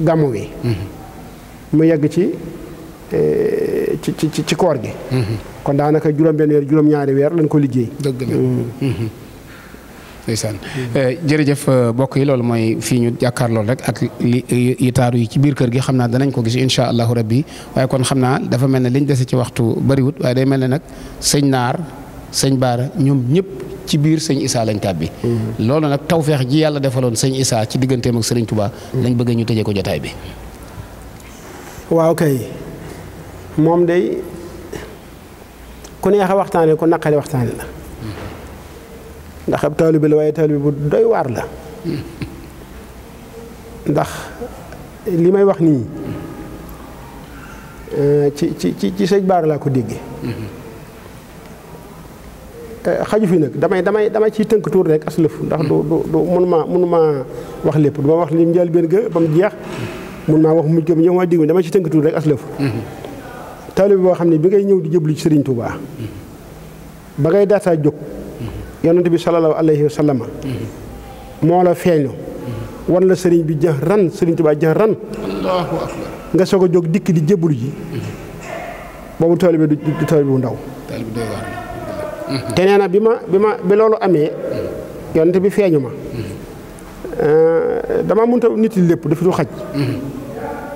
gàmmu wi mhm. mu yegg euh, ci ci ci ci koor gi mhm. kon daanaka juróom benn weer juróom ñaari weer lañ ko liggéey ndeysaan eh, jërëjëf eh, bokk yi loolu mooy fii ñu jàkkaarlool rek ak li yi ci biir kër gi xam naa danañ ko gis incha allahu rabbi waaye kon xam naa dafa mel ne liñ dese ci waxtu bariwut waaye day mel ne nag sëñ naar sëñ baara ñoom ñëpp ci biir sëñ Issa lañ tàbbi mm-hmm. loolu nag tawfeex ji yàlla defaloon sëñ isaa ci digganteem ak sëriñ Touba. Mm-hmm. lañ bëgg ñu tëjee ko jotaay bi. waaw kay moom day ku neex a waxtaane ku naqari waxtaane la. ndax ab taalibe la waaye taalibe bu doy waar la ndax li may wax nii eh, ci ci ci ci sëñ Baara laa ko déggee eh, xaju fi nag damay damay damay ciy tënk tuur rek aslëf ndax du du du mënuma mënuma wax lépp du ma wax lim njëlbéen ga ba mu jeex mun maa wax mujj ga ñëw ma digg damay ci tënk tuur rek aslëf taalibe boo xam ne bi ngay ñëw di jëblu ci Sëriñ Tuubaa ba ngay daataa jóg yonent bi sallallahu alayhi wa sallam moo la feeñu wan la sëriñ bi jëx ran sëriñ Tuubaa jëx ran nga soog a jóg dikk di jébbalu ji boobu taalibe du taalibe bu ndaw te nee na bi ma bi ma bi loolu amee yonent bi feeñu ma dama mënta nit li lépp dafa du xaj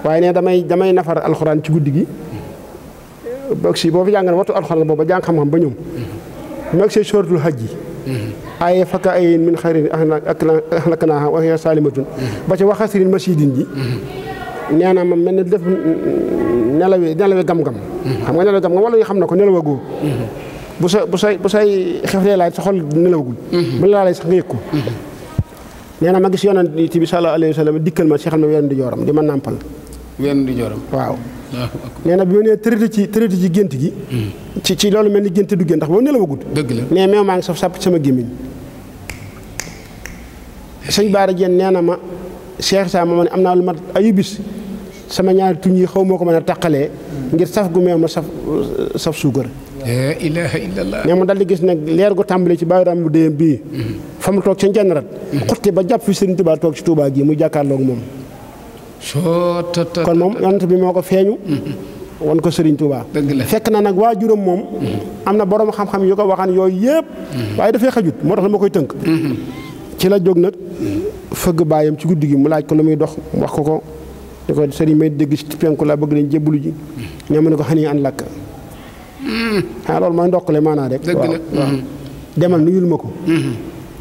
waaye ne damay damay nafar alxuraan ci guddi gi boo si boo fi jàngal waxtu alxuraan boobu ba jàng xam-xam ba ñoom mu agsee sooratul hajj yi ay fakka ay min xayrin ahlaknaaha wa hiya saalimatun ba ca waxasirin masiidin ji nee na ma mel ne def nelawi nelawi gam-gam xam nga nelawi gam-gam wala yi xam na ko nelawagoo bu sa bu say bu say xeflee laaj sa xol nelawagul bu la laalee sax nga yëg ko nee na ma gis yonent bi sallallahu alayhi wa sallam dikkal ma seexal ma wenn di jooram di ma nàmpal wenn di jooram waaw nee na bi ma nee tërëti ci tërëti ci gént gi hmm. ci ci loolu mel ni gént du gént ndax boo nelawagul dëgg la mais meew maa ngi saf sàpp sama gémmiñ sëñ Baara Dieng na ma Cheikh Saa ma ma ne am naa lu mat ayubis sama ñaari tuñ yi xaw moo ko mën a taqalee ngir saf gu meew ma saf saf suukar laa ilaaha illallaah nee mu dal di gis nag leer gu tàmbali ci baaraam bu déyam bii hmm. fa mu toog ca njenn rat hmm. xutti ba jàpp fi Sëriñ Tuubaa toog ci Tuubaa gi mu jàkkaarloog moom kon moom yonent bi moo ko feeñu. won ko Serigne Touba. fekk na nag waa juróom moom. am na borom xam-xam yu ko waxan yooyu yëpp. waaye dafay xajut moo tax dama koy tënk. ci la jóg nag fëgg baayam ci guddi gi mu laaj ko lu muy dox mu wax ko ko ni ko Serigne may dégg ci penku la bëgg nañ jébbalu ji. ñoo ne ko xanii an lakk. ah loolu mooy ndokkale maanaa rek. dëgg la demal nuyul ma ko.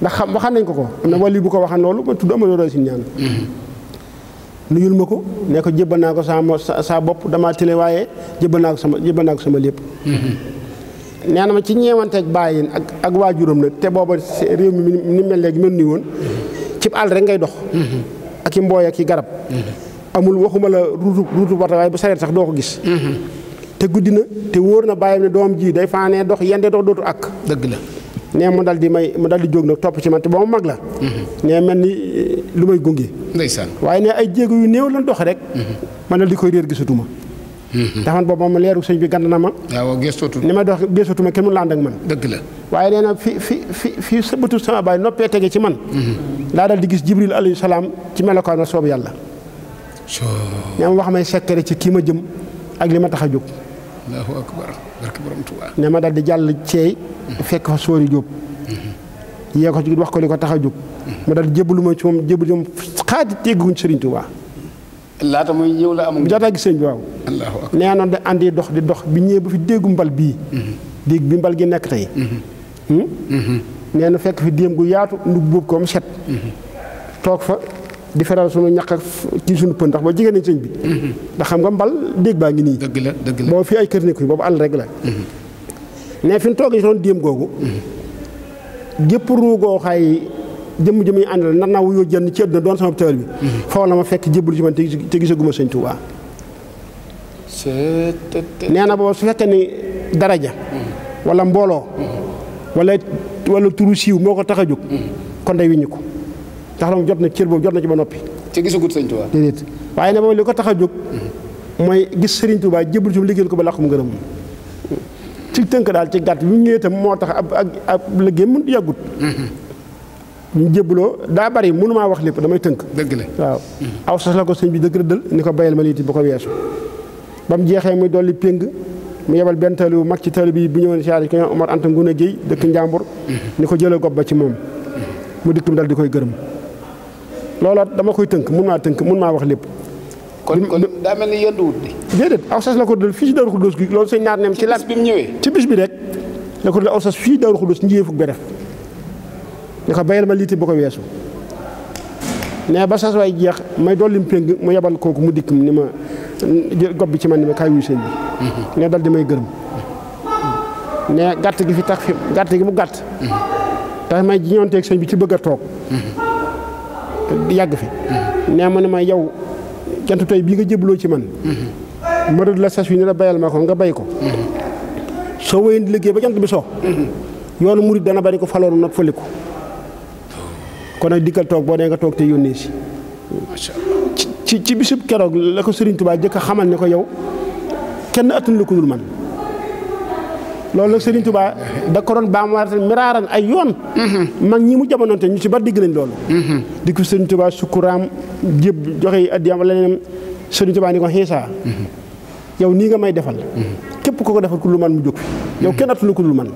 ndax xam waxaan nañ ko ko am na wàllu bu ko waxaan loolu ba tudd amaloo doon nuyul ma ko ne ko naa ko sama saa bopp damaa tile waaye jébbal naa ko sama jébbal naa ko sama lépp. Mm-hmm. nee na ma ci ñeewanteeg bàyyi ak ak waajuram nag te booba réew mi ni mel léegi ni woon. Mm-hmm. cib àll rek ngay dox. Mm-hmm. ak i mbooy ak i garab. amul waxuma la ruutu ruutu wata waaye bu sareet sax doo ko gis. te guddi na te wóor na bàyyam ne doom ji day faanee dox yende dox dootu ak. dëgg la. nee mu dal di may mu dal di jóg na topp ci man te boobu mag la. Mhm. nee mel ni lu may gunge. ndeysaan waaye nee ay jéego yu néew lan dox rek. Mhm. man dal di koy réer ma mhm. ndax man boobu ma leeru sëñ bi gànd na ma. Ah, waaw ni ma dox gëstootu ma kenn mu lànd ak man. dëgg la waaye nee na fi fi fi fi sëbëtu sama baay noppee tege ci man. laa dal di gis Jibril alayhi salaam ci melokaanu soob yàlla. soo nee ma wax may sekkere ci kii ma jëm ak li ma tax a jóg. allahu akbar ne ma dal di jàll ceey fekk fa soori jóob mm-hmm. yee ko ci wax ko li ko tax a jóg mm-hmm. ma daal jébbalu ma ci moom jébbalu moom xaati tegguñ Sëriñ Tuubaa laata muy ñëw la amul jaataa gis sëñ bi waaw nee noon da andi dox di dox bi ñëwee ba fi déggu mbal bii mm-hmm. dégg bi mbal gi nekk tey hmm? nee na fekk fi déem gu yaatu ndug boobu ko set toog fa di feral suñu ñaq ak ci suñu pën ndax boo jigéen nañ sëñ bi ndax xam nga mbal dégg baa ngi nii dëgg la dëgg la boo ay kër nekku boobu àll rek la mhm. mais fi ñu toogee si doon déem googu mhm. gépp ruugoo xay jëmm jëmm yi àndal wuyoo jënd ci àdduna doon sama tëwal bi mhm. faw la ma fekk jébbalu ci man te gisaguma sëñ Tuubaa nee na booba su fekkee ni daraja wala mbooloo wala turu siiw moo ko tax a jóg kon day wiñu ko ndax moom jot na cër boobu jot na ci ba noppi. te gisagut sëñ Touba. déedéet waaye ne moom li ko tax a jóg mooy gis Serigne Touba jébal ci liggéeyal ko ba làqu mu gërëm ci tënk daal ci gàtt bi mu ñëwee itam moo tax ab ak ab liggéey mu yàggut. ñu jébbaloo daa bari maa wax lépp damay tënk. dëgg la waaw. Mm-hmm. aw sas ko sëñ bi dëgg rëddal ni ko bayal ma lii bu ko weesu. ba mu jeexee muy dolli péng mu yebal benn taalibe bu mag ci taalibe bi bu ñëwoon siyaare ko ñoom Omar Anta Ngune Guèye dëkk Njàmbur. Mm-hmm. ni ko jëlee gopp ba ci moom. Mm-hmm. mu diktum dal di koy gërëm. loola dama koy tënk mun maa tënk mun maa wax lépp. kon kon daa mel ni yënduwut bi. déedéet aw sas la ko dal fii ci Daaru Xuddoos gi loolu sëñ naar nem ci laat bi mu ñëwee ci bis bi rek la ko dal aw sas fii Daaru Xuddoos njiyee fukk beref ne ko bayal ma liiti ba ko weesu ne ba sas waay jeex may dollim péng mu yebal kooku mu dikk ni ma gob bi ci man ni ma kaay wuy sëñ bi mhm. ne dal di may gërëm ne gàtt gi fi tax fi gàtt gi mu gàtt mhm. tax may jiñoonteeg sëñ bi ci bëgg a toog mhm. yàgg fi. nee ma ne ma yow jant tey bii nga jëbloo ci man. ma rëdd la sas wi ne la bayal ma ko nga bay ko. soo wéyee di liggéey ba jant bi soo. yoonu murit dana bari ko faloonu nag fële ko kon nag dikkal toog boo dee nga toog te yónnee si. ci ci bisub keroog la ko Serigne Touba jëkk a xamal ne ko yow kenn attan la ko man. loolu nag Serigne Touba da ko doon baamaatal miraaran ay yoon. Mhm. mag ñi mu jamonoonte ñu si ba digg nañ loolu. Mhm. di ko Serigne Touba sukkuraam jéb joxe addiyam wala leneen Serigne Touba ni ko mhm. yow nii nga may defal. képp ko ko defal lu man mu jóg yow kenn ku lu man.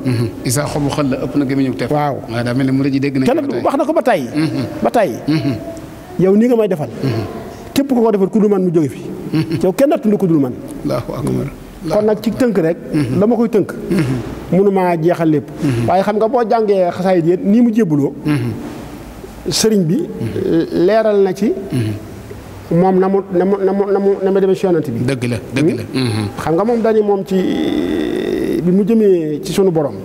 Isa xobu xel la ëpp na gémmiñu tef. waaw waaw daa mel ni mu ji dégg nañ kenn wax na ko ba tàyyi. ba tàyyi. yow nii nga may defal. képp ko ko defal ku man mu jóge fi. yow kenn atul ku lu man. kon nag ci tënk rek la ma koy tënk maa jeexal lépp waaye xam nga boo jàngee xasaayit yi nii mu jébbaloo sëriñ bi leeral na ci moom na mu na mu na mu na mu na mu demee si yonante bi dëgg la dëgg hmm? xam nga moom dañu moom ci bi mu jëmee ci sunu borom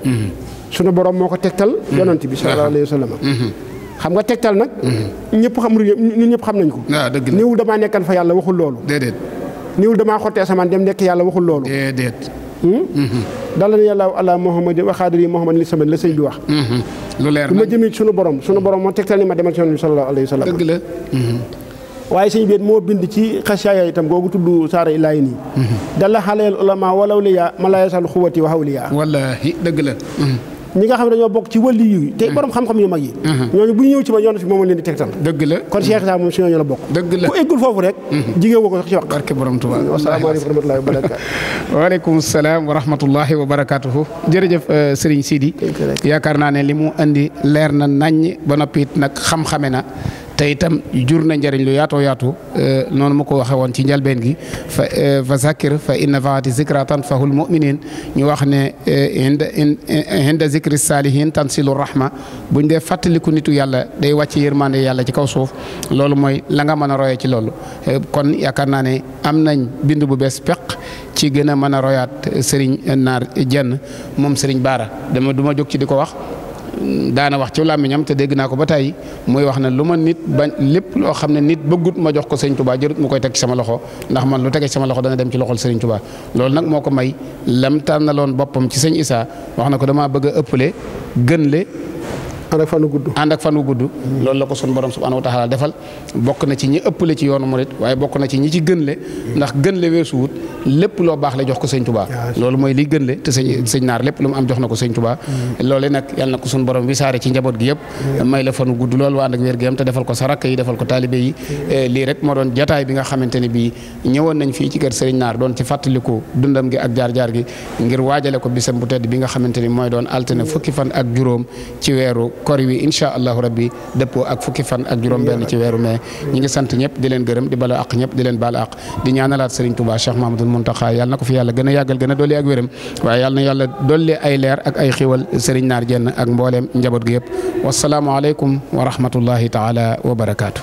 sunu borom moo ko tegtal yonante bi sallallahu alayhi xam nga tegtal nag ñëpp xam ñun ñëpp xam nañ ko ah, néewul damaa nekkal fa yàlla waxul loolu déedéet niwul damaa xottee asamaan dem nekk yàlla waxul loolu. déedéet. Hmm? Mhm. dala ne yàlla allah muhammadin wa xaadiri muhammadin li samad la sëñ bi wax. Mhm. lu leer ma jëmee sunu borom sunu borom moo tegtal ni ma demal ci yoon bi sallallahu alayhi wa sallam. dëgg la. Mhm. waaye sëñ bi moo bind ci xasaaya itam googu tudd saara ilaahi nii. dala xaleel ulama ma laa yasal xuwati wa awliya. dëgg la. ñi nga xam ne dañoo bokk ci wàllu yi te mm. borom xam-xam yu mag yi mm-hmm. ñooñu bu ñu ñëw ci ma yoon fi moom leen di tegtal dëgg la kon Cheikh Issa moom si ñooñu la bokk la ku eggul foofu rek mm-hmm. jigéen woo ko sax ci wax barke borom Tuubaa asalaamaaleykum wa rahmatullahi wa barakaatu waaleykum salaam wa rahmatullahi wa barakaatuhu jërëjëf euh, Serigne Sidi yaakaar naa ne li mu indi leer na naññ ba noppi it nag xam-xame na te itam jur na njëriñ lu yaato yaatu euh, noonu ma ko waxee woon ci njalbeen gi fa euh, fa zakir fa inna faati zikra tanfahul muminin ñu wax ne inda euh, inda zikri salihin tansilu rahma buñ dee fàttaliku nitu yàlla day wàcc yërmande yàlla ci kaw suuf loolu mooy la nga mën a royee ci loolu kon yaakaar naa ne am nañ bind bu bees peq ci gën a mën a royaat sëriñ naar jenn moom sëriñ baara dama du ma ci di ko wax daana wax ci làmmiñam te dégg naa ko ba tey muy wax na lu ma nit bañ lépp loo xam ne nit bëggut ma jox ko sëñ Touba jërut mu koy teg sama loxo ndax man lu tege sama loxo dana dem ci loxol sëriñ Touba loolu nag moo ko may lam tànnaloon boppam ci sëñ Issa wax na ko damaa bëgg ëpp ëppale gën le ànd ak fan wu gudd. ànd ak fan wu gudd. loolu la ko sunu borom subhaanahu wa taala defal bokk na ci ñi ëppale ci yoonu murit waaye bokk na ci ñi ci gën le ndax gën le weesuwut lépp loo baax la jox ko sëñ Tuubaa loolu mooy li gën le te mm. sëñ naar lépp lu mu am jox na ko sëñ Tuubaa mm. loole nag yal na ko sunu borom wisaare ci njaboot gi yëpp may la fan wu gudd loolu waa ànd ak gi am te defal ko sarak yi defal ko taalibe yi eh, lii rek moo doon jataay bi nga xamante ne bii ñëwoon nañ fii ci kër sëriñ naar doon ci fàttaliku dundam gi ak jaar-jaar gi ngir waajale ko bisam bu tedd bi nga xamante ni mooy doon altine fukki fan ak juróom ci weeru kor wi incha allahu rabbi dëppoo ak fukki fan ak juróom-benn ci weeru mai ñi ngi sant ñëpp di leen gërëm di bala ak ñëpp di leen baal ak di ñaanalaat Serigne Touba Cheikh Mahamadoul Mountakha yàlla na ko fi yàlla gën a yàggal gën a dolli ak wéram waaye yàlla na yàlla ay leer ak ay xiwal Serigne Naar Jenn ak mbooleem njaboot gi yëpp wasalaamualeykum wa rahmatullahi taala wa barakaatu.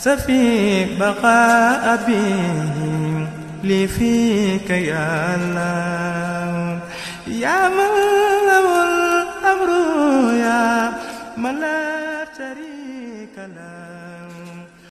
سفي بقاء أبيهم لي فيك يا الله يا من له الأمر يا ملاك